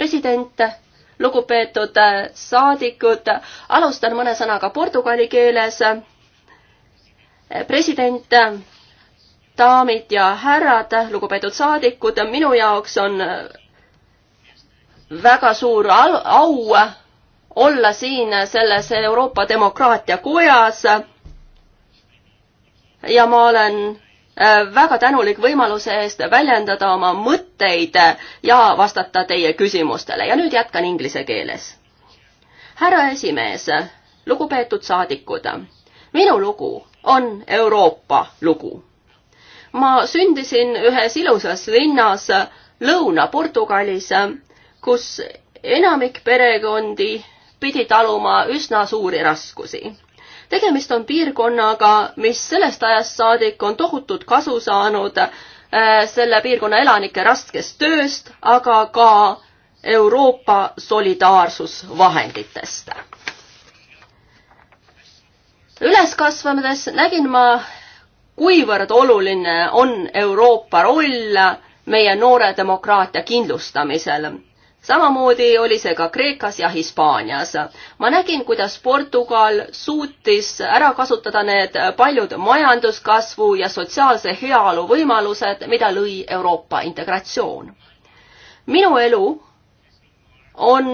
president, lugupeetud äh, saadikud, alustan mõne sõnaga portugali keeles. Äh, president, daamid ja härrad, lugupeetud saadikud, minu jaoks on äh, väga suur au olla siin selles Euroopa demokraatia kojas. ja ma olen Äh, väga tänulik võimaluse eest väljendada oma mõtteid ja vastata teie küsimustele ja nüüd jätkan inglise keeles. härra esimees, lugupeetud saadikud, minu lugu on Euroopa lugu. ma sündisin ühes ilusas linnas Lõuna-Portugalis, kus enamik perekondi pidi taluma üsna suuri raskusi tegemist on piirkonnaga, mis sellest ajast saadik on tohutut kasu saanud äh, selle piirkonna elanike raskest tööst, aga ka Euroopa solidaarsusvahenditest. üles kasvades nägin ma, kuivõrd oluline on Euroopa roll meie noore demokraatia kindlustamisel samamoodi oli see ka Kreekas ja Hispaanias. ma nägin, kuidas Portugal suutis ära kasutada need paljud majanduskasvu ja sotsiaalse heaolu võimalused, mida lõi Euroopa integratsioon. minu elu on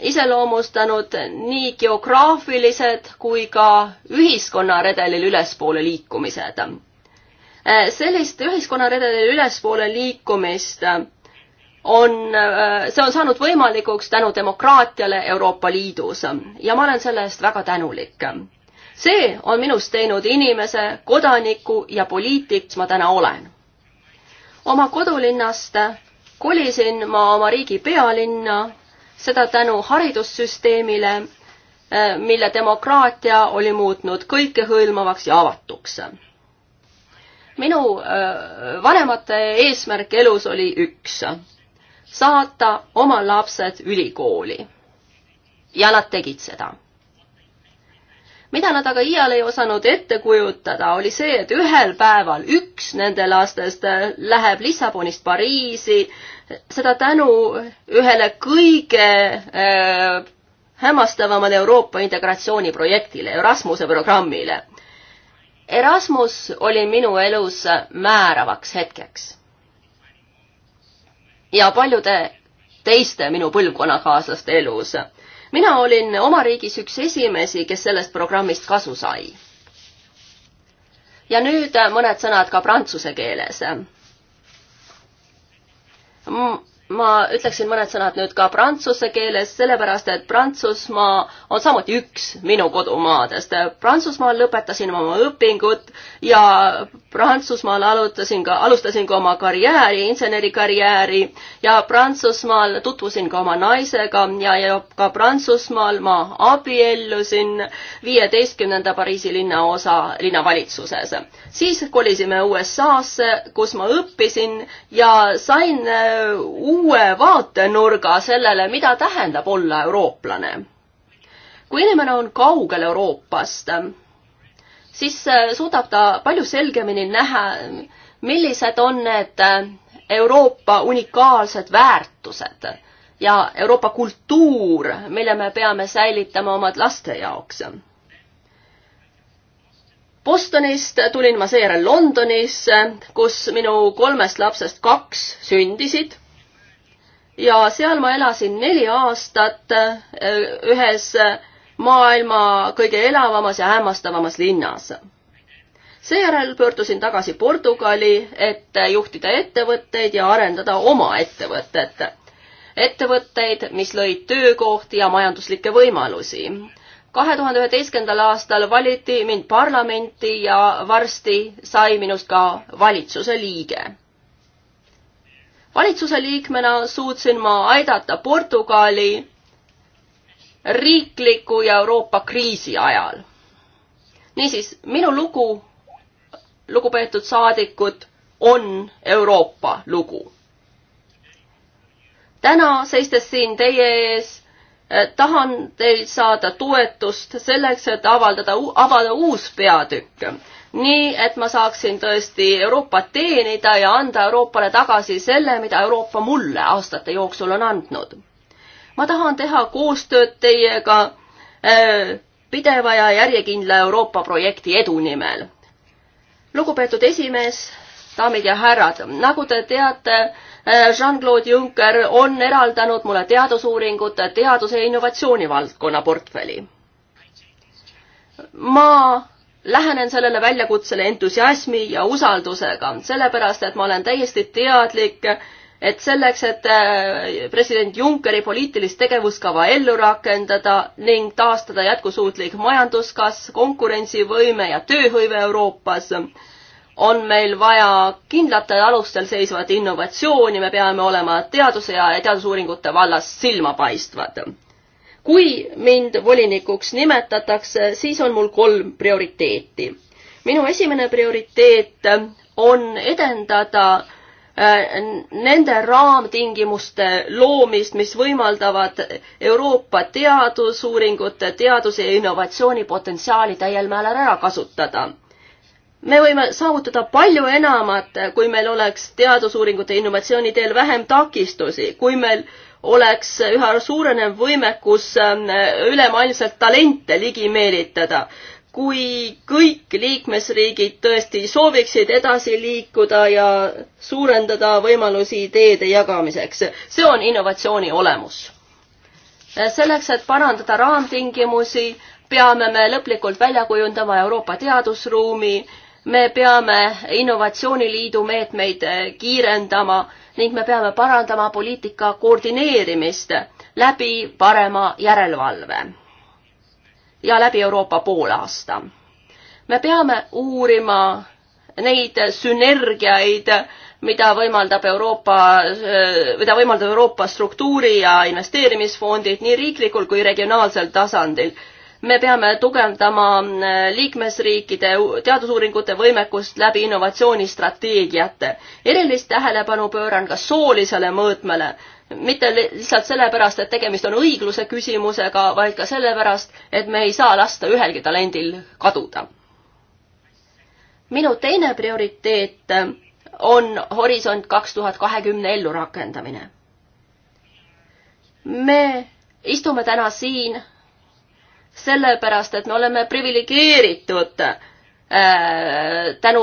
iseloomustanud nii geograafilised kui ka ühiskonnaredelil ülespoole liikumised. sellist ühiskonnaredelil ülespoole liikumist on, see on saanud võimalikuks tänu demokraatiale Euroopa Liidus ja ma olen selle eest väga tänulik. see on minust teinud inimese, kodaniku ja poliitik, kes ma täna olen. oma kodulinnast kolisin ma oma riigi pealinna, seda tänu haridussüsteemile, mille demokraatia oli muutnud kõikehõlmavaks ja avatuks. minu äh, vanemate eesmärk elus oli üks saata oma lapsed ülikooli. ja nad tegid seda. mida nad aga iial ei osanud ette kujutada, oli see, et ühel päeval üks nende lastest läheb Lissabonist Pariisi, seda tänu ühele kõige äh, hämmastavamale Euroopa integratsiooniprojektile, Erasmuse programmile. Erasmus oli minu elus määravaks hetkeks ja paljude teiste minu põlvkonnakaaslaste elus. mina olin oma riigis üks esimesi, kes sellest programmist kasu sai. ja nüüd mõned sõnad ka prantsuse keeles. ma ütleksin mõned sõnad nüüd ka prantsuse keeles, sellepärast et Prantsusmaa on samuti üks minu kodumaadest. Prantsusmaal lõpetasin oma õpingud ja Prantsusmaal alutasin ka, alustasin ka oma karjääri, insenerikarjääri ja Prantsusmaal tutvusin ka oma naisega ja, ja ka Prantsusmaal ma abiellusin viieteistkümnenda Pariisi linnaosa linnavalitsuses. siis kolisime USA-sse, kus ma õppisin ja sain äh, uue vaatenurga sellele, mida tähendab olla eurooplane. kui inimene on kaugel Euroopast siis äh, suudab ta palju selgemini näha, millised on need äh, Euroopa unikaalsed väärtused ja Euroopa kultuur, mille me peame säilitama omad laste jaoks. Bostonist tulin ma seejärel Londonisse, kus minu kolmest lapsest kaks sündisid ja seal ma elasin neli aastat äh, ühes maailma kõige elavamas ja hämmastavamas linnas. seejärel pöördusin tagasi Portugali, et juhtida ettevõtteid ja arendada oma ettevõtet. ettevõtteid, mis lõid töökohti ja majanduslikke võimalusi. kahe tuhande üheteistkümnendal aastal valiti mind parlamenti ja varsti sai minust ka valitsuse liige valitsuse liikmena suutsin ma aidata Portugali riikliku ja Euroopa kriisi ajal. niisiis, minu lugu, lugupeetud saadikud, on Euroopa lugu. täna, seistes siin teie ees, eh, tahan teilt saada toetust selleks, et avaldada, avada uus peatükk nii, et ma saaksin tõesti Euroopat teenida ja anda Euroopale tagasi selle, mida Euroopa mulle aastate jooksul on andnud ma tahan teha koostööd teiega äh, pideva ja järjekindla Euroopa projekti edu nimel. lugupeetud esimees, daamid ja härrad, nagu te teate, äh, Jean-Claude Juncker on eraldanud mulle teadusuuringute, teaduse ja innovatsiooni valdkonna portfelli. ma lähenen sellele väljakutsele entusiasmi ja usaldusega, sellepärast et ma olen täiesti teadlik et selleks, et äh, president Junckeri poliitilist tegevuskava ellu rakendada ning taastada jätkusuutlik majanduskasv, konkurentsivõime ja tööhõive Euroopas, on meil vaja kindlatel alustel seisvat innovatsiooni, me peame olema teaduse ja teadusuuringute vallas silmapaistvad. kui mind volinikuks nimetatakse, siis on mul kolm prioriteeti. minu esimene prioriteet on edendada Äh, nende raamtingimuste loomist, mis võimaldavad Euroopa teadusuuringute, teaduse ja innovatsiooni potentsiaali täiel määral ära kasutada. me võime saavutada palju enamat, kui meil oleks teadusuuringute ja innovatsiooni teel vähem takistusi, kui meil oleks üha suurenev võimekus ähm, ülemaailmselt talente ligi meelitada kui kõik liikmesriigid tõesti sooviksid edasi liikuda ja suurendada võimalusi ideede jagamiseks. see on innovatsiooni olemus. selleks, et parandada raamtingimusi, peame me lõplikult välja kujundama Euroopa teadusruumi, me peame Innovatsiooniliidu meetmeid kiirendama ning me peame parandama poliitika koordineerimist läbi parema järelevalve ja läbi Euroopa poolaasta. me peame uurima neid sünergiaid, mida võimaldab Euroopa, mida võimaldab Euroopa struktuuri ja investeerimisfondid nii riiklikul kui regionaalsel tasandil. me peame tugevdama äh, liikmesriikide teadusuuringute võimekust läbi innovatsioonistrateegiate. erilist tähelepanu pööran ka soolisele mõõtmele mitte lihtsalt sellepärast, et tegemist on õigluse küsimusega, vaid ka sellepärast, et me ei saa lasta ühelgi talendil kaduda. minu teine prioriteet on Horisont kaks tuhat kahekümne ellurakendamine. me istume täna siin sellepärast, et me oleme priviligeeritud äh, tänu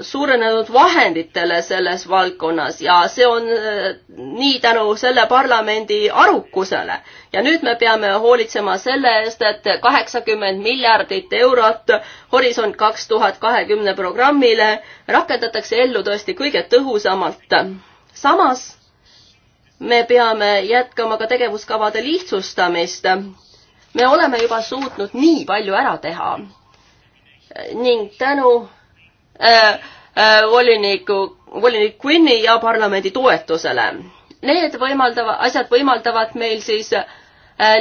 suurenenud vahenditele selles valdkonnas ja see on äh, nii tänu selle parlamendi arukusele. ja nüüd me peame hoolitsema selle eest, et kaheksakümmend miljardit eurot Horisont kaks tuhat kahekümne programmile rakendatakse ellu tõesti kõige tõhusamalt. samas me peame jätkama ka tegevuskavade lihtsustamist. me oleme juba suutnud nii palju ära teha ning tänu Äh, äh, voliniku, volinik Quinni ja parlamendi toetusele. Need võimaldava, asjad võimaldavad meil siis äh,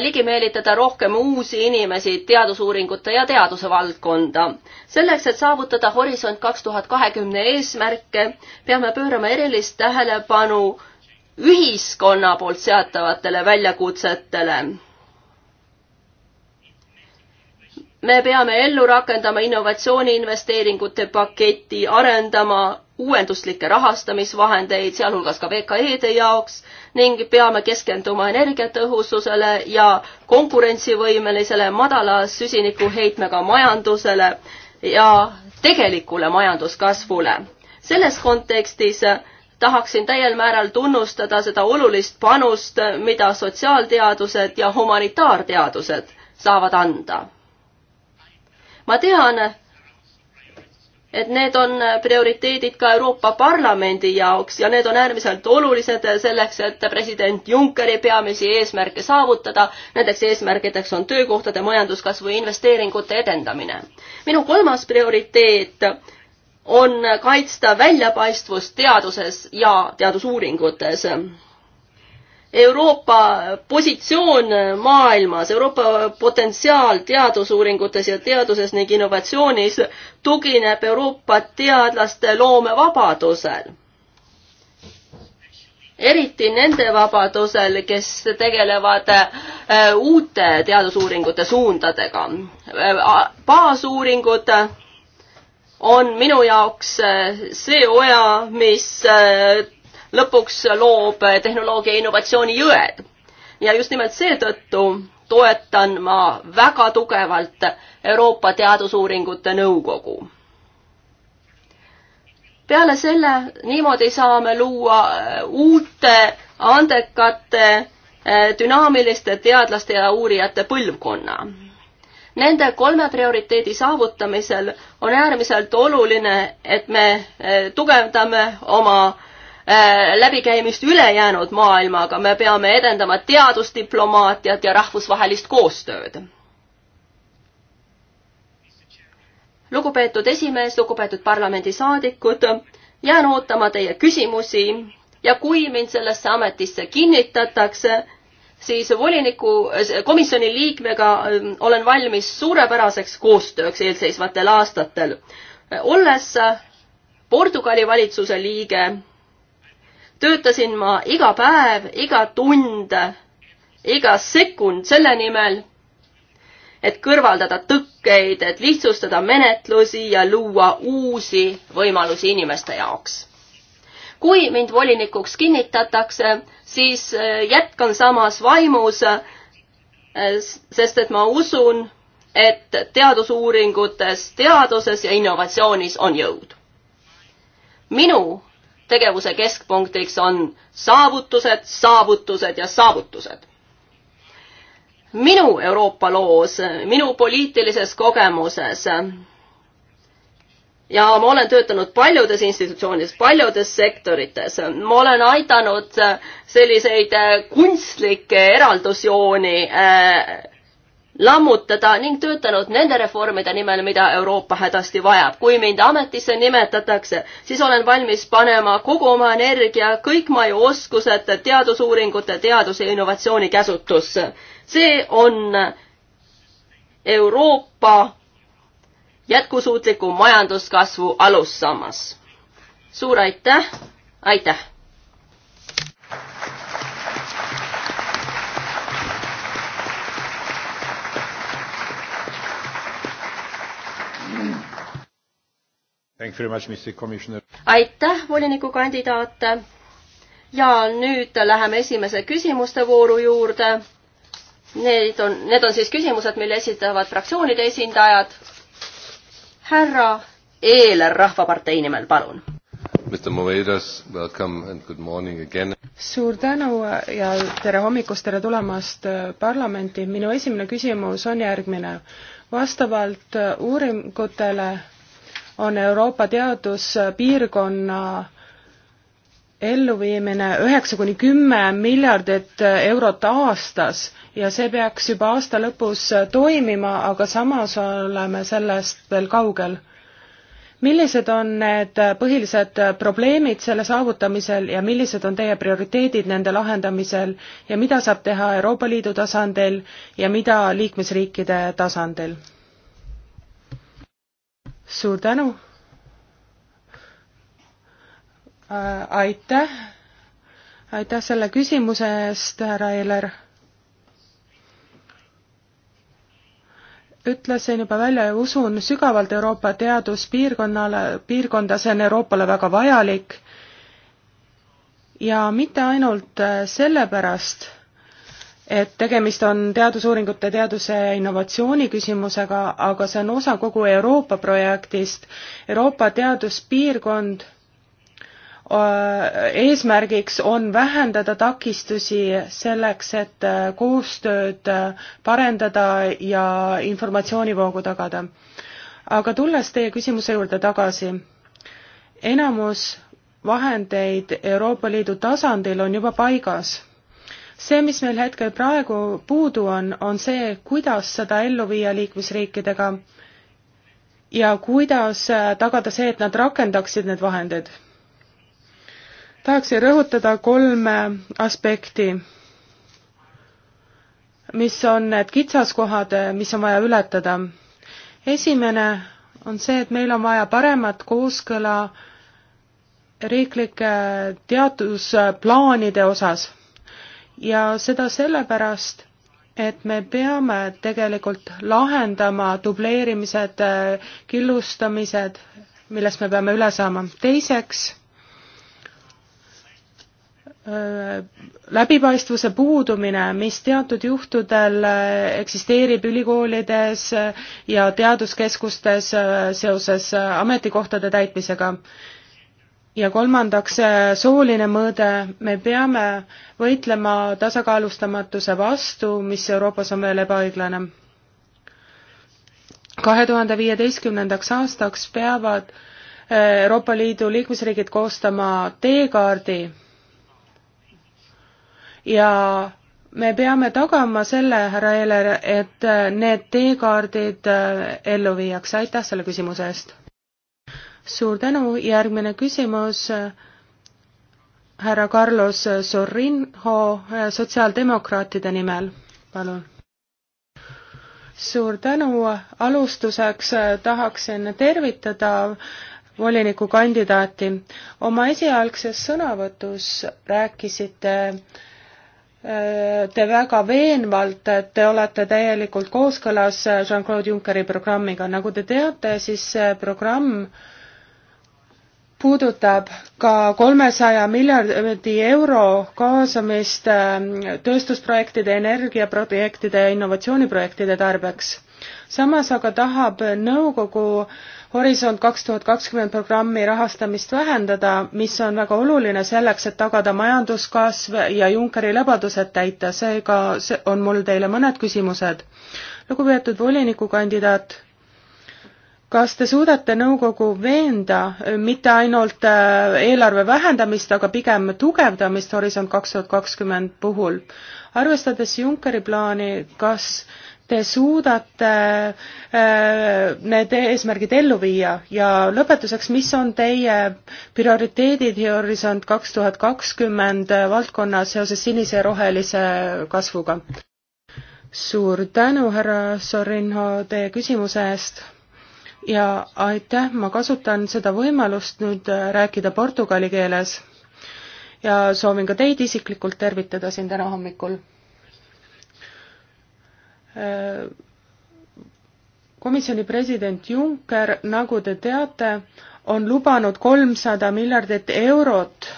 ligi meelitada rohkem uusi inimesi teadusuuringute ja teaduse valdkonda. selleks, et saavutada Horisont kaks tuhat kahekümne eesmärke, peame pöörama erilist tähelepanu ühiskonna poolt seatavatele väljakutsetele me peame ellu rakendama innovatsiooniinvesteeringute paketti, arendama uuenduslikke rahastamisvahendeid, sealhulgas ka VKE-de jaoks ning peame keskenduma energiatõhususele ja konkurentsivõimelisele madala süsinikuheitmega majandusele ja tegelikule majanduskasvule. selles kontekstis tahaksin täiel määral tunnustada seda olulist panust, mida sotsiaalteadused ja humanitaarteadused saavad anda ma tean, et need on prioriteedid ka Euroopa Parlamendi jaoks ja need on äärmiselt olulised selleks, et president Junckeri peamisi eesmärke saavutada. Nendeks eesmärgideks on töökohtade majanduskasvu ja investeeringute edendamine. minu kolmas prioriteet on kaitsta väljapaistvust teaduses ja teadusuuringutes Euroopa positsioon maailmas, Euroopa potentsiaal teadusuuringutes ja teaduses ning innovatsioonis tugineb Euroopa teadlaste loomevabadusel. eriti nende vabadusel, kes tegelevad äh, uute teadusuuringute suundadega. Äh, baasuuringud on minu jaoks äh, see oja, mis lõpuks loob tehnoloogia innovatsiooni jõed. ja just nimelt seetõttu toetan ma väga tugevalt Euroopa Teadusuuringute Nõukogu. peale selle niimoodi saame luua äh, uute andekate äh, dünaamiliste teadlaste ja uurijate põlvkonna. Nende kolme prioriteedi saavutamisel on äärmiselt oluline, et me äh, tugevdame oma äh, Äh, läbikäimist ülejäänud maailmaga, me peame edendama teadusdiplomaatiat ja rahvusvahelist koostööd. lugupeetud esimees, lugupeetud parlamendisaadikud, jään ootama teie küsimusi ja kui mind sellesse ametisse kinnitatakse, siis voliniku, komisjoni liikmega ähm, olen valmis suurepäraseks koostööks eelseisvatel aastatel. olles Portugali valitsuse liige töötasin ma iga päev, iga tund, iga sekund selle nimel, et kõrvaldada tõkkeid, et lihtsustada menetlusi ja luua uusi võimalusi inimeste jaoks. kui mind volinikuks kinnitatakse, siis äh, jätkan samas vaimus, äh, sest et ma usun, et teadusuuringutes, teaduses ja innovatsioonis on jõud. minu tegevuse keskpunktiks on saavutused, saavutused ja saavutused. minu Euroopa loos, minu poliitilises kogemuses ja ma olen töötanud paljudes institutsioonides, paljudes sektorites, ma olen aidanud selliseid kunstlikke eraldusjooni äh, lammutada ning töötanud nende reformide nimel, mida Euroopa hädasti vajab. kui mind ametisse nimetatakse, siis olen valmis panema kogu oma energia, kõik ma ju oskused teadusuuringute, teaduse ja innovatsiooni käsutusse. see on Euroopa jätkusuutliku majanduskasvu alussammas. suur aitäh, aitäh! aitäh, volinikukandidaat. ja nüüd läheme esimese küsimuste vooru juurde. Need on, need on siis küsimused, mille esitavad fraktsioonide esindajad. härra Eeler Rahvapartei nimel, palun. Mr Moedas, welcome and good morning again. suur tänu ja tere hommikust, tere tulemast parlamenti. minu esimene küsimus on järgmine. vastavalt uuringutele on Euroopa teaduspiirkonna elluviimine üheksa kuni kümme miljardit eurot aastas ja see peaks juba aasta lõpus toimima, aga samas oleme sellest veel kaugel. millised on need põhilised probleemid selle saavutamisel ja millised on teie prioriteedid nende lahendamisel ja mida saab teha Euroopa Liidu tasandil ja mida liikmesriikide tasandil? suur tänu. aitäh, aitäh selle küsimuse eest, härra Eiler. ütlesin juba välja ja usun sügavalt Euroopa teaduspiirkonnale, piirkonda, see on Euroopale väga vajalik. ja mitte ainult äh, sellepärast et tegemist on teadusuuringute, teaduse innovatsiooni küsimusega, aga see on osa kogu Euroopa projektist. Euroopa teaduspiirkond äh, eesmärgiks on vähendada takistusi selleks, et äh, koostööd äh, parendada ja informatsioonivoogu tagada. aga tulles teie küsimuse juurde tagasi, enamus vahendeid Euroopa Liidu tasandil on juba paigas see, mis meil hetkel praegu puudu on, on see, kuidas seda ellu viia liikmesriikidega ja kuidas äh, tagada see, et nad rakendaksid need vahendid. tahaksin rõhutada kolme aspekti, mis on need kitsaskohad, äh, mis on vaja ületada. esimene on see, et meil on vaja paremat kooskõla riiklike teadusplaanide osas ja seda sellepärast, et me peame tegelikult lahendama dubleerimised, killustamised, millest me peame üle saama. teiseks, läbipaistvuse puudumine, mis teatud juhtudel eksisteerib ülikoolides ja teaduskeskustes seoses ametikohtade täitmisega ja kolmandaks, sooline mõõde, me peame võitlema tasakaalustamatuse vastu, mis Euroopas on veel ebaõiglane. kahe tuhande viieteistkümnendaks aastaks peavad eh, Euroopa Liidu liikmesriigid koostama teekaardi ja me peame tagama selle, härra Eeler, et eh, need teekaardid eh, ellu viiakse, aitäh selle küsimuse eest! suur tänu, järgmine küsimus härra Carlos Sorrinho äh, sotsiaaldemokraatide nimel, palun. suur tänu, alustuseks äh, tahaksin tervitada volinikukandidaati. oma esialgses sõnavõtus rääkisite äh, Te väga veenvalt, et te olete täielikult kooskõlas Jean-Claude Junckeri programmiga. nagu te teate, siis see programm äh, puudutab ka kolmesaja miljardi euro kaasamist ähm, tööstusprojektide, energiaprojektide ja innovatsiooniprojektide tarbeks. samas aga tahab nõukogu Horisont kaks tuhat kakskümmend programmi rahastamist vähendada, mis on väga oluline selleks, et tagada majanduskasv ja Junckeri lubadused täita, seega on mul teile mõned küsimused. lugupeetud volinikukandidaat kas te suudate nõukogu veenda äh, mitte ainult äh, eelarve vähendamist, aga pigem tugevdamist Horisont kaks tuhat kakskümmend puhul? arvestades Junckeri plaani, kas te suudate äh, need eesmärgid ellu viia ja lõpetuseks, mis on teie prioriteedid Horisont kaks tuhat kakskümmend valdkonnas seoses sinise ja rohelise kasvuga? suur tänu, härra Sorinho, teie küsimuse eest ja aitäh, ma kasutan seda võimalust nüüd äh, rääkida portugali keeles ja soovin ka teid isiklikult tervitada siin täna hommikul. Äh, komisjoni president Juncker, nagu te teate, on lubanud kolmsada miljardit eurot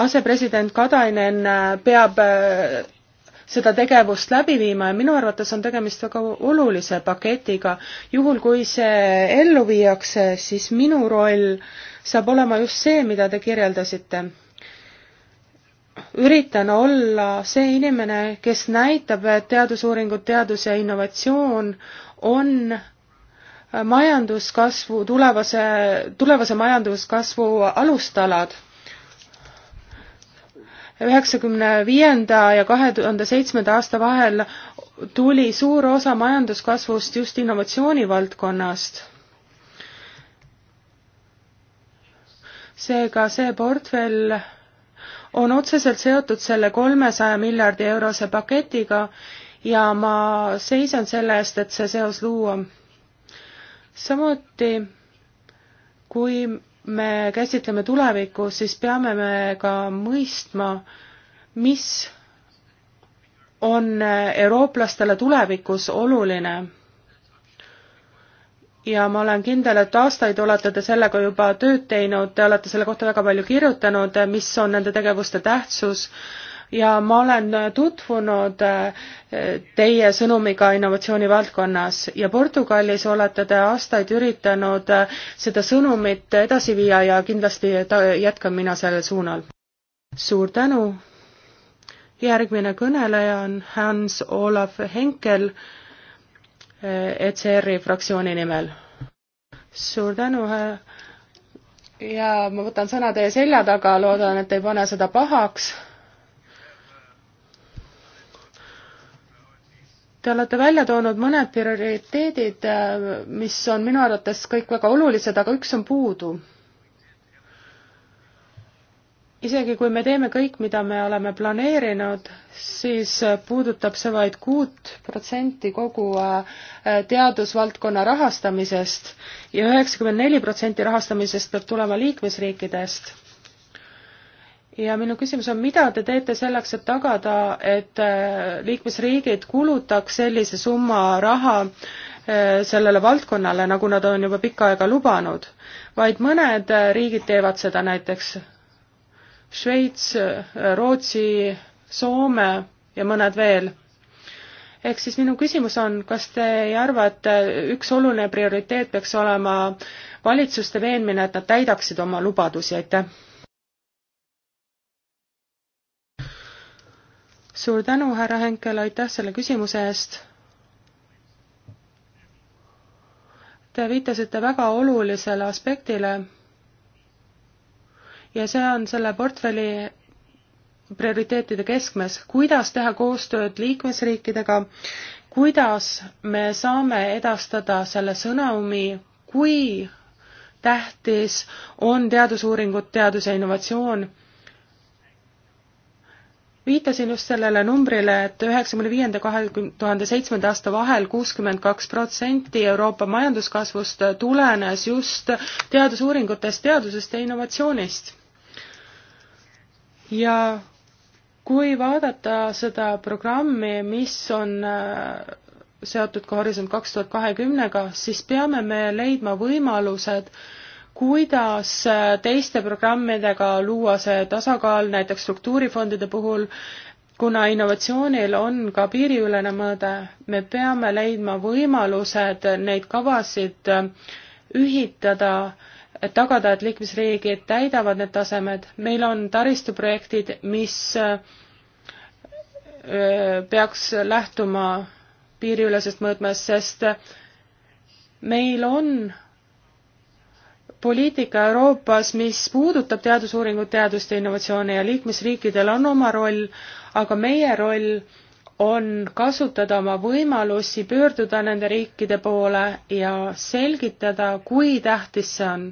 asepresident Katainen äh, peab seda tegevust läbi viima ja minu arvates on tegemist väga olulise paketiga. juhul, kui see ellu viiakse, siis minu roll saab olema just see, mida te kirjeldasite. üritan olla see inimene, kes näitab, et teadusuuringud, teadus ja innovatsioon on majanduskasvu, tulevase, tulevase majanduskasvu alustalad üheksakümne viienda ja kahe tuhande seitsmenda aasta vahel tuli suur osa majanduskasvust just innovatsiooni valdkonnast. seega see portfell on otseselt seotud selle kolmesaja miljardi eurose paketiga ja ma seisan selle eest, et see seos luua. samuti kui me käsitleme tulevikus, siis peame me ka mõistma, mis on eurooplastele tulevikus oluline. ja ma olen kindel, et aastaid olete te sellega juba tööd teinud, te olete selle kohta väga palju kirjutanud, mis on nende tegevuste tähtsus ja ma olen tutvunud eh, teie sõnumiga innovatsiooni valdkonnas ja Portugalis olete te aastaid üritanud eh, seda sõnumit edasi viia ja kindlasti jätkan mina sellel suunal. suur tänu! järgmine kõneleja on Hans Olav Henkel ECR-i eh, e fraktsiooni nimel. suur tänu ja ma võtan sõna teie selja taga, loodan, et ei pane seda pahaks Te olete välja toonud mõned prioriteedid, äh, mis on minu arvates kõik väga olulised, aga üks on puudu. isegi kui me teeme kõik, mida me oleme planeerinud, siis äh, puudutab see vaid kuut protsenti kogu äh, teadusvaldkonna rahastamisest ja üheksakümmend neli protsenti rahastamisest peab tulema liikmesriikidest ja minu küsimus on, mida te teete selleks, et tagada, et äh, liikmesriigid kulutaks sellise summa raha äh, sellele valdkonnale, nagu nad on juba pikka aega lubanud, vaid mõned äh, riigid teevad seda, näiteks Šveits, Rootsi, Soome ja mõned veel. ehk siis minu küsimus on, kas te ei arva, et üks oluline prioriteet peaks olema valitsuste veenmine, et nad täidaksid oma lubadusi, aitäh? suur tänu, härra Henkel, aitäh selle küsimuse eest. Te viitasite väga olulisele aspektile ja see on selle portfelli prioriteetide keskmes, kuidas teha koostööd liikmesriikidega, kuidas me saame edastada selle sõnumi, kui tähtis on teadusuuringud, teadus ja innovatsioon viitasin just sellele numbrile, et üheksakümne viienda, kahe tuhande seitsmenda aasta vahel kuuskümmend kaks protsenti Euroopa majanduskasvust tulenes just teadusuuringutest, teadusest ja innovatsioonist. ja kui vaadata seda programmi, mis on äh, seotud ka Horisont kaks tuhat kahekümnega, siis peame me leidma võimalused äh, kuidas äh, teiste programmidega luua see tasakaal näiteks struktuurifondide puhul, kuna innovatsioonil on ka piiriülene mõõde, me peame leidma võimalused neid kavasid äh, ühitada, et tagada, et liikmesriigid täidavad need tasemed. meil on taristuprojektid, mis äh, peaks lähtuma piiriülesest mõõtmest, sest meil on poliitika Euroopas, mis puudutab teadusuuringut, teadust ja innovatsiooni ja liikmesriikidel on oma roll, aga meie roll on kasutada oma võimalusi, pöörduda nende riikide poole ja selgitada, kui tähtis see on.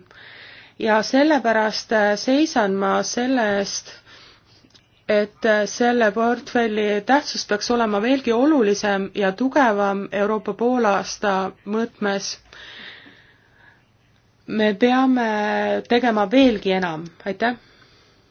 ja sellepärast seisan ma selle eest, et selle portfelli tähtsus peaks olema veelgi olulisem ja tugevam Euroopa poolaasta mõõtmes me peame tegema veelgi enam, aitäh!